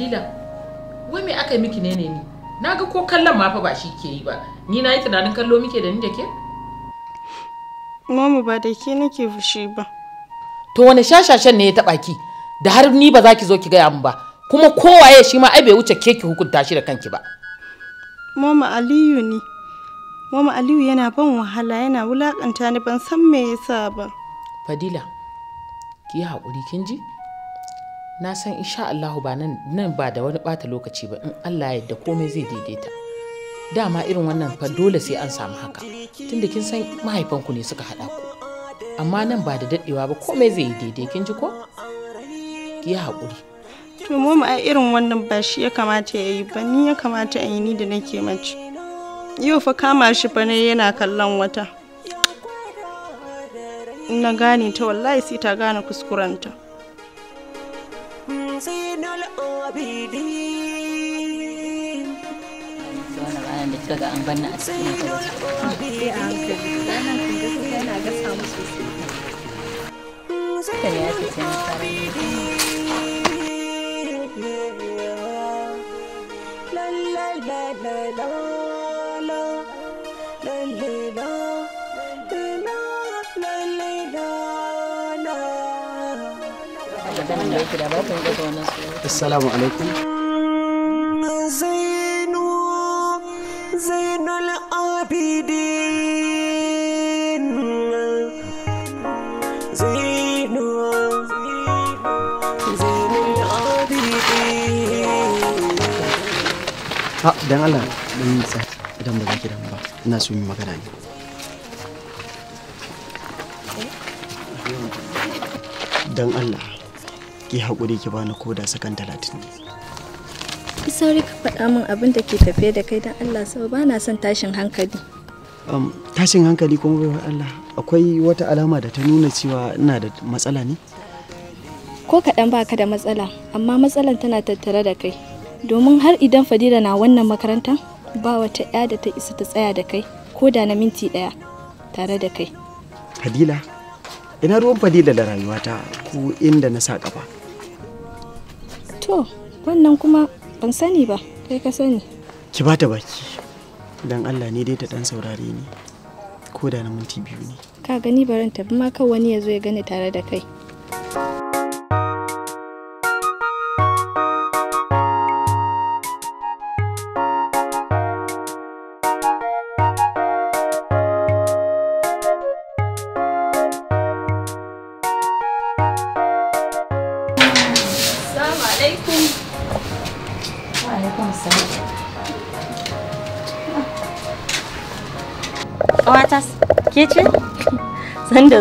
fadila wai me aka yi miki ne ni na ga ko kallon ma fa ba shi ke yi ba ni na yi tunanin kallo muke da ni da ke mama ba da ke nake fushi ba to wani shashashen ne ya taba ki da har ni ba za ki zo ki gaya min ba kuma kowaye shi ma ai bai wuce ke ki hukunta shi da kanki ba mama aliyu ne mama aliyu yana ban wahala yana wulakanta ni ban san me yasa ba fadila ki haƙuri kin ji na san insha Allahu ba nan ba da wani bata lokaci ba in Allah ya yarda komai zai daidaita dama irin wannan fa dole sai an samu haka tunda kin san mahaifanku ne suka haɗa ku amma nan ba da daɗewa ba komai zai yi daidai kin ji ko ki haƙuri to mu ma irin wannan ba shi ya kamata ya yi ba ni ya kamata a yi ni da nake mace yau fa kama shi fa ne yana kallon wata na gane ta wallahi sai ta gane kuskurenta. العابدين wannan ranar an banna a cikin wata sai a hankali da yake da ba assalamu alaikum zainu zainul abidin ah, idan ba ba ina so mu magana ne eh? dan Allah ki hakuri ki bani koda sakan talatin ne ki sauri ka faɗa min abin da ke tafe da kai don allah sau ba na son tashin hankali tashin hankali kuma bai allah akwai wata alama da ta nuna cewa ina da matsala ne ko kaɗan ba ka da matsala amma matsalan tana tattare da kai domin har idan fadila na wannan makarantar ba wata ya da ta isa ta tsaya da kai ko da na minti ɗaya tare da kai fadila ina ruwan fadila da rayuwata ko inda na sa ƙafa To, wannan kuma ban sani ba, kai ka sani. Ki bata baki, dan Allah ne dai ta dan saurare ni, ko da na minti biyu ne. Ka gani baranta tabi ma kan wani ya zo ya gani tare da kai.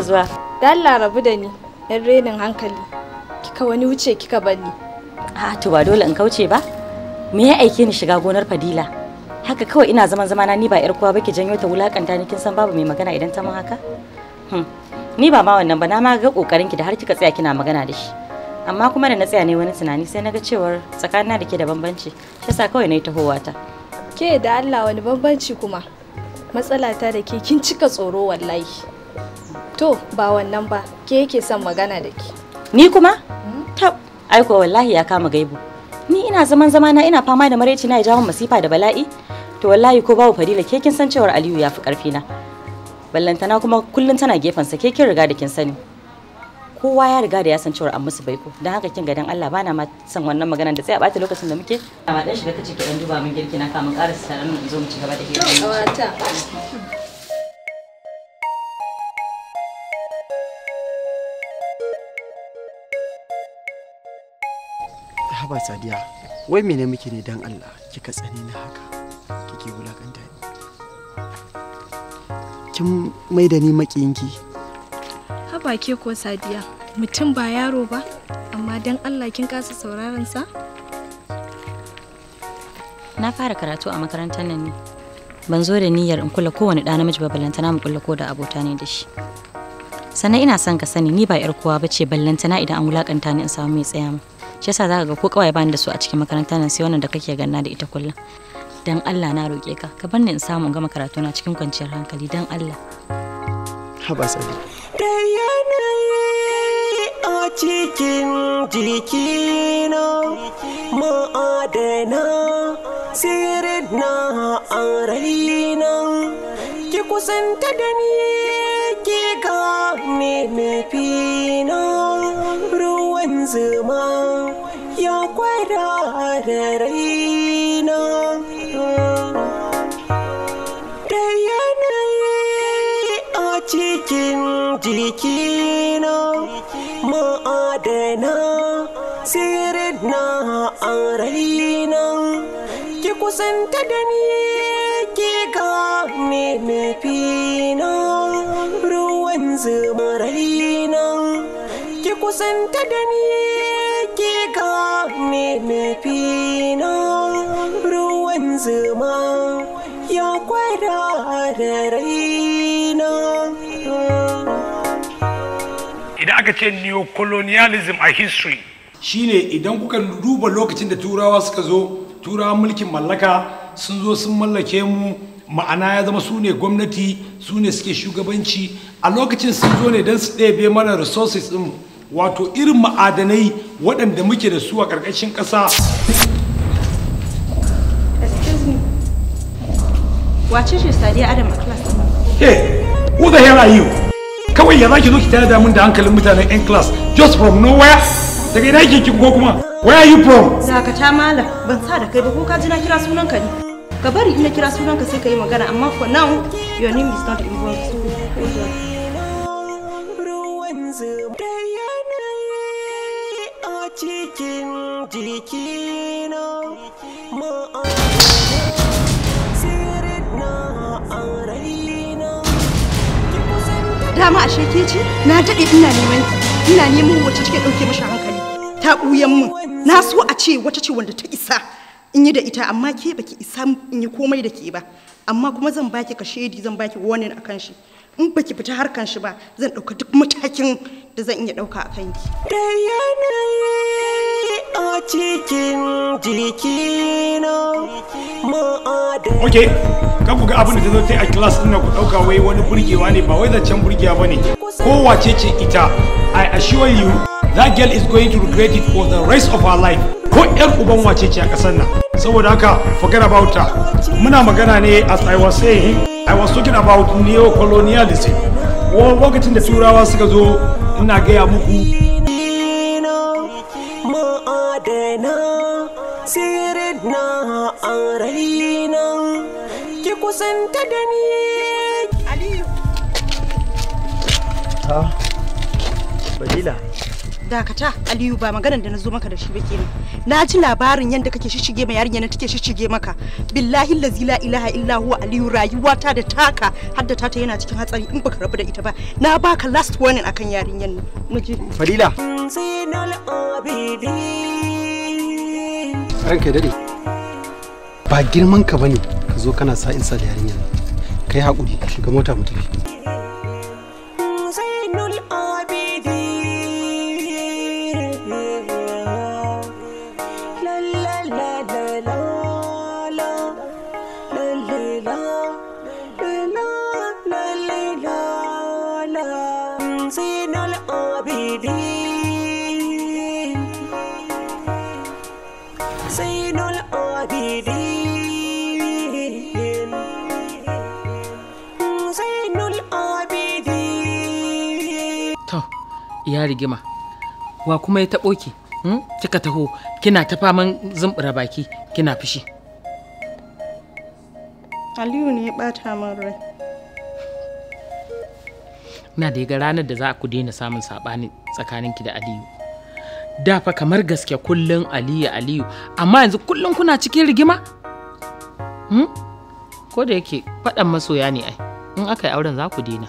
zuwa. Dan larabu da ni, yan renin hankali. Kika wani wuce kika bani. A to ba dole in kauce ba? Me ya aike ni shiga gonar Fadila? Haka kawai ina zaman zama na ni ba yar kuwa ba janyo ta wulakanta ni kin san babu mai magana idan ta mun haka? Hmm. Ni ba ma wannan ba na ma ga kokarin ki da har kika tsaya kina magana da shi. Amma kuma da na tsaya ne wani tunani sai na ga cewar tsakanina da ke da bambanci. Shi yasa kawai na yi tahowa ta. Ke da Allah wani bambanci kuma. Matsala ta da ke kin cika tsoro wallahi. To ba wannan ba, ke yake son magana da ke. Ni kuma? Hmm? Tab, aiko wallahi ya kama gaibu. Ni ina zaman zama na ina fama da maraici na ya jawo masifa da bala'i. To wallahi ko babu fadila ke kin san cewar Aliyu ya fi karfi na. Ballantana kuma kullun tana gefen sa ke kin riga da kin sani. Kowa ya riga da ya san cewar an bai baiko. Dan haka kin ga dan Allah bana ma san wannan maganar da sai a bata lokacin da muke. Amma dan shiga kace ki dan duba min girki na kamun karasa tare mu zo mu ci gaba da hira. ba sadiya wai mene muke ne dan allah kika tsane na haka kike wulakanta ni kin mai da ni makiyinki haba ke ko sadiya mutum ba yaro ba amma dan allah kin kasa sauraron sa na fara karatu a makarantar nan ne ban zo da niyyar in kula kowane ɗa namiji ba mu kula ko da abota ne da shi sannan ina son ka sani ni ba yar kowa bace ballantana idan an wulakanta ni in samu mai tsaya mu shi yasa zaka ga ko kawai bani da su a cikin makaranta nan sai wannan da kake ganna da ita kullum dan Allah na roke ka ka bar ni in samu gama karatu na cikin kwanciyar hankali dan Allah haba sabi a cikin jikina ma'adana sirrin na a raina ki kusanta da ni ki ruwan zuma ya kwada da raina da yanayi a cikin jikina ma'adana sirrin na a raina ki kusanta da ni ki gane mafina ruwan zuma raina kusanta da ni ke gane na ruwan zuma ya kwada da raina idan aka ce neocolonialism a history shine idan kuka duba lokacin da turawa suka zo turawa mulkin mallaka sun zo sun mallake mu ma'ana ya zama su ne gwamnati su ne suke shugabanci a lokacin sun zo ne don su ɗebe mana resources ɗin wato irin ma'adanai waɗanda muke da su a ƙarƙashin ƙasa wace ce hey who the hell are you kawai ya zaki zo ki tare da mun da hankalin mutanen yan class just from nowhere daga ina kike ko kuma where are you from ta malam ban sa da kai ba ko ka ji na kira sunan ka ne ka bari ina kira sunan ka sai ka yi magana amma for now your name is not involved jikina ma'ana dama ashe ke ce na daɗe ina neman ina neman wacce take ɗauke mashi hankali ta ɓuyan mu na so a ce wata ce wanda ta isa in yi da ita amma ke baki isa in yi komai da ke ba amma kuma zan baki kashedi zan baki warning akan shi in baki fita harkan shi ba zan ɗauka duk matakin da zan iya ɗauka akan ki. cikin jikina ma'adai ok kan ku ga abin da ta zo ta yi a class ɗin ku ɗauka wai wani burgewa ne ba wai zancen burgewa ba ne wace ce ita i assure you that girl is going to regret it for the rest of her life ko ƴar uban wace ce a ƙasar nan saboda haka forget about her muna magana ne as i was saying i was talking about neo-colonialism lokacin da turawa suka zo ina gaya muku sirin na raina ki kusanta da ni aliyu ha badila dakata aliyu ba maganar da na zo maka da shi ba kenan na ji labarin yadda kake shishige ma yarinya na take shishige maka billahi lazi la ilaha illa huwa aliyu rayuwata da taka hadda ta yana cikin hatsari in baka rabu da ita ba na baka last warning akan yarinyan nan mu fadila ranka dade ba girman ka bane ka zo kana sa in sa da yarinya kai hakuri ka shiga mota mu tafi ya rigima wa kuma ya taɓo ki hmm? kika taho kina ta faman zumbura baki kina fushi aliyu ne ya bata min rai na da ga ranar da za ku daina samun saɓani ki da aliyu da fa kamar gaske kullum aliyu aliyu amma yanzu kullum kuna cikin rigima hmm? ko da yake faɗan masoya ne ai in aka yi auren za ku daina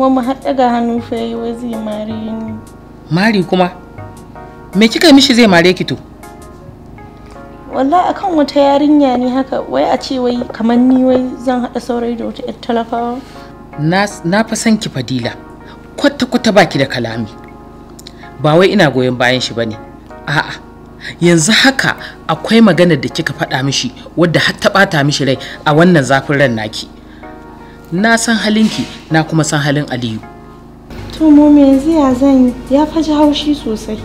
kuma mu haɗa ga hannu fayi wai zai mare ni mari kuma me kika mishi zai mare ki to wallahi akan wata yarinya ne haka wai a ce wai kamar ni wai zan haɗa saurayi da wata 'yar talakawa na fa san ki fadila kwata kwata baki da kalami ba wai ina goyon bayan shi bane a'a yanzu haka akwai maganar da kika faɗa mishi wadda har ta ɓata mishi rai a wannan zafin ran naki na san halinki na kuma san halin aliyu to mu me yanzu ya zan ya faji haushi sosai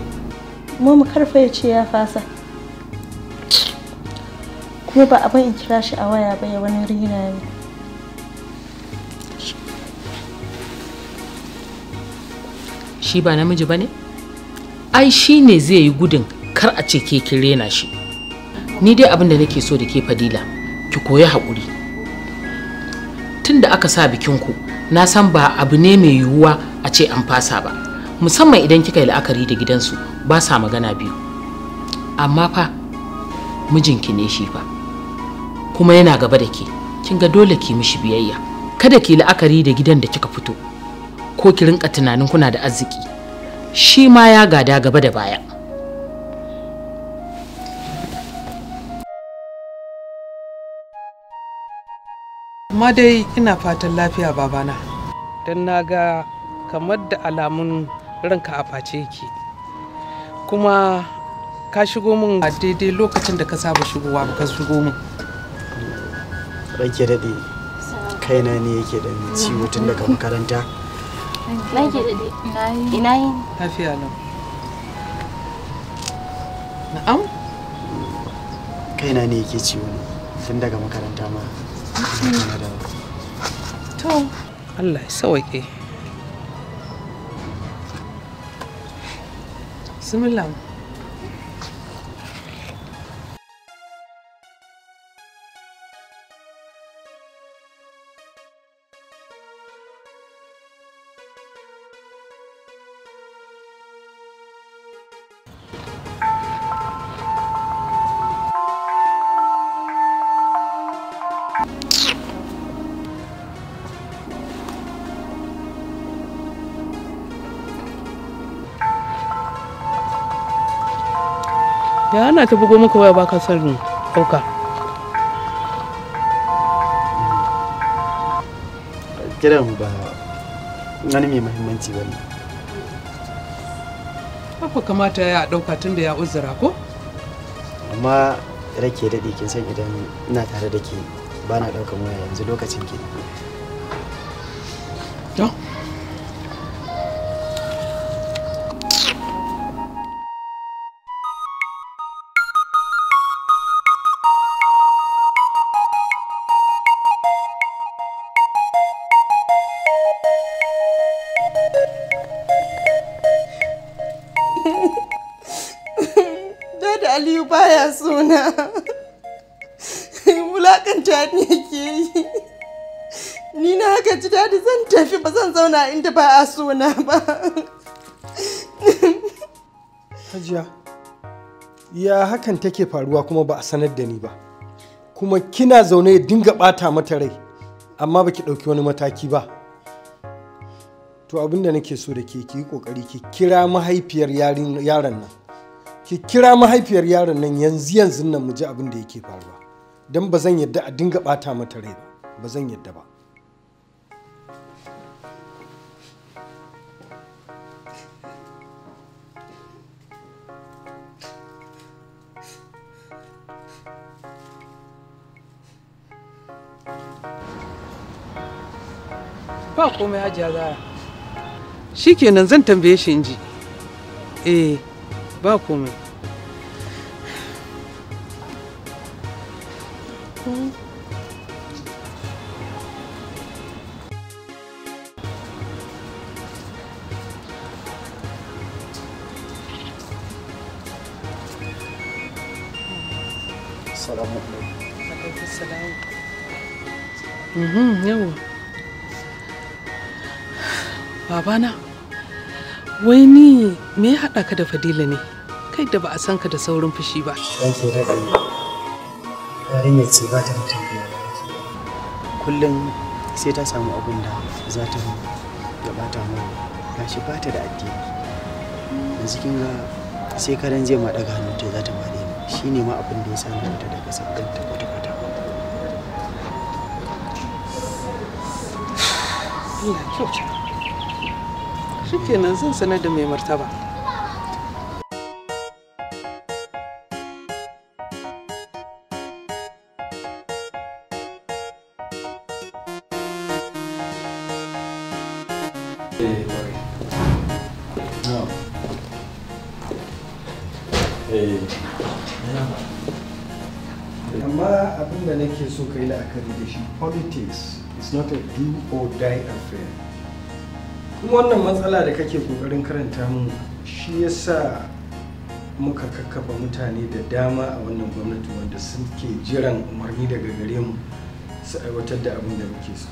mu mu karfa ya ce ya fasa kuma ba abin in kira shi a waya ba ya wani rina ne shi ba namiji ba ne ai shi ne zai yi gudun kar a ce ke kin rena shi ni dai abin da nake so da ke fadila ki koyi haƙuri tun da aka sa bikinku na san ba abu ne mai yiwuwa a ce an fasa ba musamman idan kika yi la'akari da gidansu ba sa magana biyu amma fa mijinki ne shi fa kuma yana gaba da ke kin ga dole ki mishi biyayya kada ki yi la'akari da gidan da kika fito ko ki rinka tunanin kuna da arziki shi ma ya gada gaba da baya amma dai ina fatan lafiya babana don na ga kamar da alamun ranka a face yake kuma ka shigo min a daidai lokacin da ka saba shigowa ba ka shigo min ranke daɗe kaina ne yake da ciwo tun daga makaranta ranke daɗe ina yi lafiya nan na'am kaina ne yake ciwo tun daga makaranta ma to Allah ya bismillah ya ana ta bugo maka waya baka son ɗauka kiran ba wani mai mahimmanci ba ne haka kamata ya ɗauka tun da ya uzura ko amma rake daɗe kin san idan ina tare da ke ba na ɗaukan waya yanzu lokacin ke ne ke yi ni na ji dadi zan tafi ba zan zauna inda ba a so na ba hajiya ya hakan take faruwa kuma ba a sanar da ni ba kuma kina zaune ya dinga bata mata rai amma baki ɗauki wani mataki ba to abin da nake so da ke ki yi ƙoƙari ki kira mahaifiyar yaron nan ki kira mahaifiyar yaran nan yanzu yanzu nan mu ji abin da yake faruwa don ba zan yadda a dinga bata mata rai ba ba zan yadda ba ba komai hajiya zara nan zan tambaye shi in ji eh ba komai lassen. Mhm, yawa. Babana, wai ni me ya haɗa ka da Fadila ne? Kai da ba a san ka da saurin fushi ba. Ɗan sai yarinya ce ba ta da tarbiyya kullum sai ta samu abin da za ta gabata mai gashi ba ta da addini yanzu kin ga sai karen zai ma daga hannu ta za ta mare ni shine ma abin da ya sa na ta daga sabgan ta kwata kwata Ina kyau. Shikenan zan sanar da mai martaba. amma abin da nake so ka yi la'akari da shi politics is not a do or die affair kuma wannan matsala da kake kokarin karanta mu shi ya sa muka kakkafa mutane da dama a wannan gwamnati wanda suke jiran umarni daga gare mu su aiwatar da abin da muke so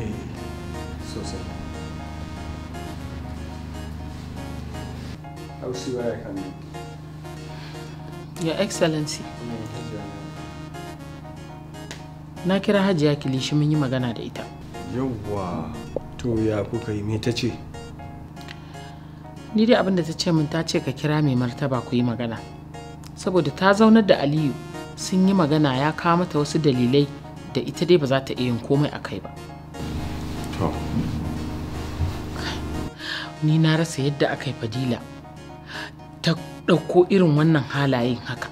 eh, sosai Your Excellency. Na kira Hajiya Kilishi mun yi magana da ita. Yawwa, to ya kuka yi me ta ce? Ni dai abin da ta ce min ta ce ka kira mai martaba ku yi magana. Saboda ta zaunar da Aliyu sun yi magana ya kawo mata wasu dalilai da ita dai ba za ta iya yin komai a kai ba. Ni na rasa yadda aka yi fadila ɗauko irin wannan halayen haka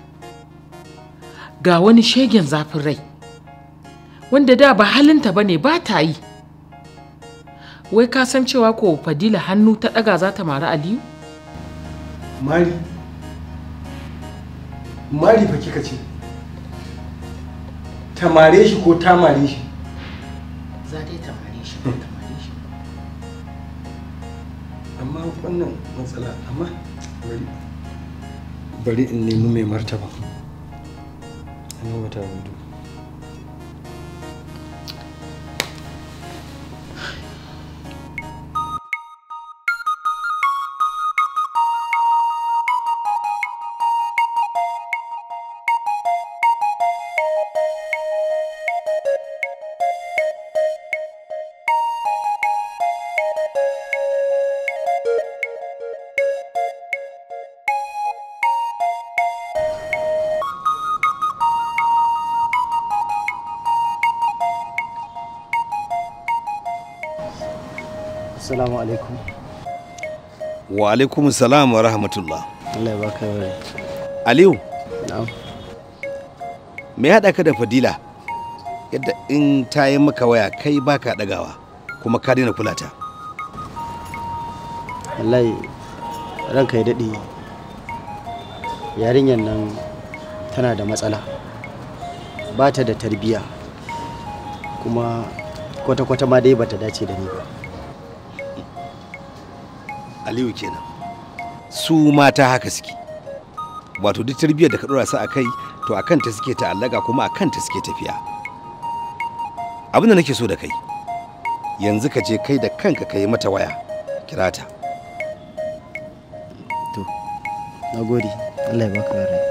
ga wani shegen zafin rai wanda da ba halinta ba ne ba ta yi wai ka san cewa ko fadila hannu ta ɗaga za ta mara aliyu mari mari fa kika ce ta mare shi ko ta mare shi za dai ta mare shi ko hmm. ta mare shi amma wannan matsala amma wani bari in nemi mai martaba wata hudu Assalamu alaikum. Wa alaikum salam wa rahmatullah. Allah ya baka Aliyu. Na'am. Me haɗa ka da Fadila? Yadda in ta yi maka waya kai baka ɗagawa kuma ka daina kula ta. Wallahi ranka ya daɗe. Yarinyar nan tana da matsala. Bata da tarbiyya kuma kwata-kwata ma dai bata dace da ni ba. aliyu kenan su mata haka suke wato duk tarbiyyar da ka dora su a kai to a kanta suke ta'allaka kuma a kanta suke tafiya abin da nake so da kai yanzu ka je kai da kanka ka yi mata waya kirata to na allah ya baka rai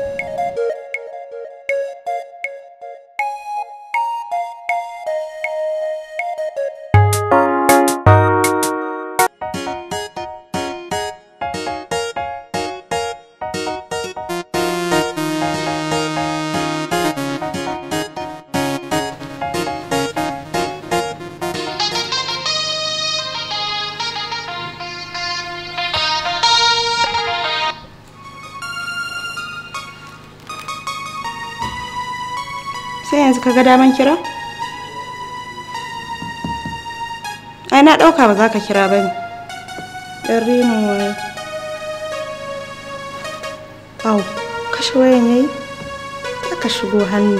ka ga daman kira? ai na ɗauka ba za ka kira ba ne ɗan ne au kashe wayan yayi aka shigo hannu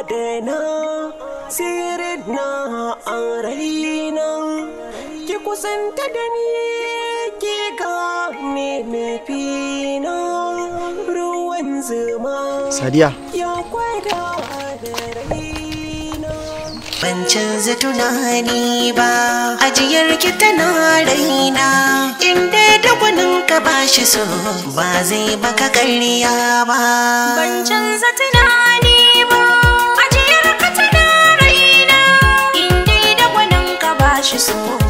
adana sirrin na a raina ki kusanta da ni ki gane ruwan zuma sadiya ya kwada ban canza tunani ba ajiyar ki tana raina inda da gwanin ka bashi so ba zai baka karya ba ban canza tunani you so